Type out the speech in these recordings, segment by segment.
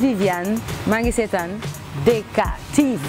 Viviane maa ngi seetaan DK TV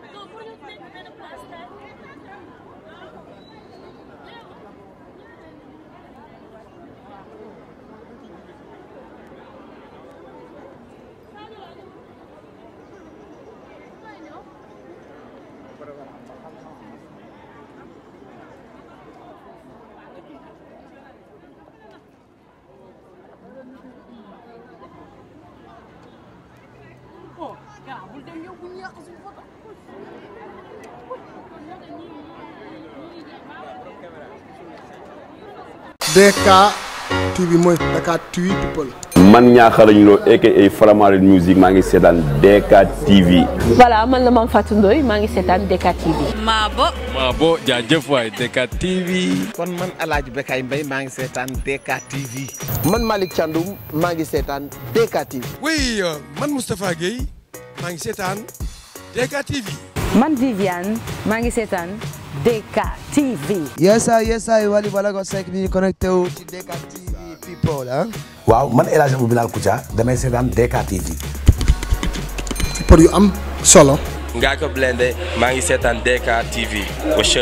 bul dem yow bu ñu yàq suñu photo DK TV mooy Dakar TV people man ñaaxarañ loo aka Faramareen musique maa ngi seetaan DK TV. voilà man la Mame Fatou Ndoye maa ngi seetaan DK TV. Maabo. Maabo jaajëf waay DK TV. kon man El Hadj Bekay Mbaye maa ngi seetaan DK TV. man Malick Thiandoum maa ngi seetaan DK TV. oui euh, man Moustapha Guèye. maa ngi seetaan DK TV. man Viviane maa ngi seetaan DK TV. yesa yesa Wally Ballago Seck mi ngi wu ci DK TV people ah. waaw man El Hadj Abou Bilal Koutia damay seetaan DK TV. pour yu am solo. ngaa ko blende maa ngi seetaan DK TV.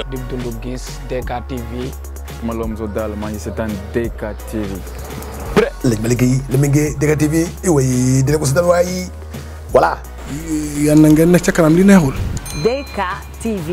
Dip Doundou Guiss DK TV. Malom Zo Dal maa ngi seetaan DK TV. léegi li mu ngi DK TV iwoy dina ko seetaan waay voilà. yal na ngeen nekk ca kanam li neexul. DK TV.